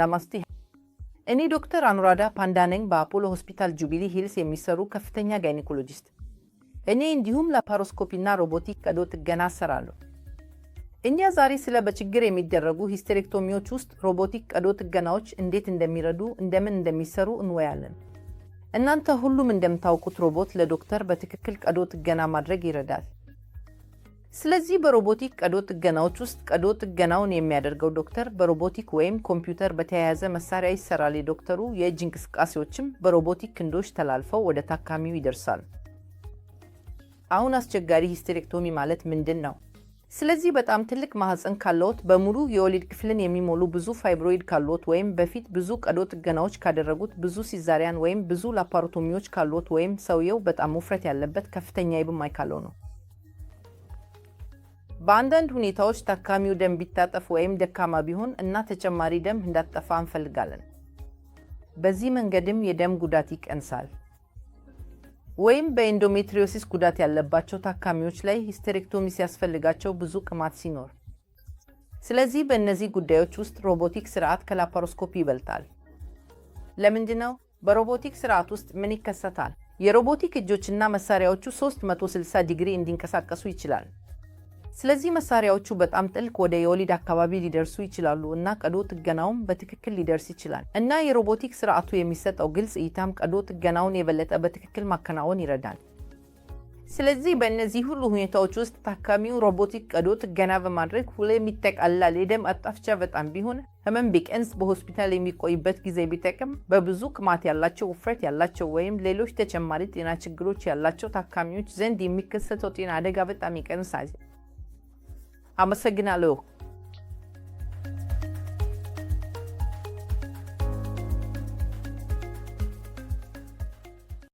ናማስቲ። እኔ ዶክተር አኑራዳ ፓንዳ ነኝ፣ በአፖሎ ሆስፒታል ጁቢሊ ሂልስ የሚሰሩ ከፍተኛ ጋይኒኮሎጂስት። እኔ እንዲሁም ላፓሮስኮፒና ሮቦቲክ ቀዶ ጥገና እሰራለሁ። እኛ ዛሬ ስለ በችግር የሚደረጉ ሂስቴሬክቶሚዎች ውስጥ ሮቦቲክ ቀዶ ጥገናዎች እንዴት እንደሚረዱ፣ እንደምን እንደሚሰሩ እንወያለን። እናንተ ሁሉም እንደምታውቁት ሮቦት ለዶክተር በትክክል ቀዶ ጥገና ማድረግ ይረዳል። ስለዚህ በሮቦቲክ ቀዶ ጥገናዎች ውስጥ ቀዶ ጥገናውን የሚያደርገው ዶክተር በሮቦቲክ ወይም ኮምፒውተር በተያያዘ መሳሪያ ይሰራል። የዶክተሩ የእጅ እንቅስቃሴዎችም በሮቦቲክ ክንዶች ተላልፈው ወደ ታካሚው ይደርሳል። አሁን አስቸጋሪ ሂስቴሬክቶሚ ማለት ምንድን ነው? ስለዚህ በጣም ትልቅ ማህፀን ካለዎት በሙሉ የወሊድ ክፍልን የሚሞሉ ብዙ ፋይብሮይድ ካለዎት ወይም በፊት ብዙ ቀዶ ጥገናዎች ካደረጉት ብዙ ሲዛሪያን ወይም ብዙ ላፓሮቶሚዎች ካለዎት ወይም ሰውየው በጣም ውፍረት ያለበት ከፍተኛ የብማይ ካለው ነው። በአንዳንድ ሁኔታዎች ታካሚው ደም ቢታጠፍ ወይም ደካማ ቢሆን እና ተጨማሪ ደም እንዳትጠፋ እንፈልጋለን። በዚህ መንገድም የደም ጉዳት ይቀንሳል። ወይም በኢንዶሜትሪዮሲስ ጉዳት ያለባቸው ታካሚዎች ላይ ሂስቴሬክቶሚ ሲያስፈልጋቸው ብዙ ቅማት ሲኖር። ስለዚህ በእነዚህ ጉዳዮች ውስጥ ሮቦቲክ ስርዓት ከላፓሮስኮፒ ይበልጣል። ለምንድን ነው? በሮቦቲክ ስርዓት ውስጥ ምን ይከሰታል? የሮቦቲክ እጆችና መሳሪያዎቹ 360 ዲግሪ እንዲንቀሳቀሱ ይችላል። ስለዚህ መሳሪያዎቹ በጣም ጥልቅ ወደ የወሊድ አካባቢ ሊደርሱ ይችላሉ እና ቀዶ ጥገናውም በትክክል ሊደርስ ይችላል እና የሮቦቲክ ስርዓቱ የሚሰጠው ግልጽ እይታም ቀዶ ጥገናውን የበለጠ በትክክል ማከናወን ይረዳል። ስለዚህ በእነዚህ ሁሉ ሁኔታዎች ውስጥ ታካሚው ሮቦቲክ ቀዶ ጥገና በማድረግ ሁሌም የሚጠቃላል። የደም አጣፍቻ በጣም ቢሆን ህመም ቢቀንስ፣ በሆስፒታል የሚቆይበት ጊዜ ቢጠቅም፣ በብዙ ቅማት ያላቸው፣ ውፍረት ያላቸው ወይም ሌሎች ተጨማሪ ጤና ችግሮች ያላቸው ታካሚዎች ዘንድ የሚከሰተው ጤና አደጋ በጣም ይቀንሳል። Ama sa ginalo,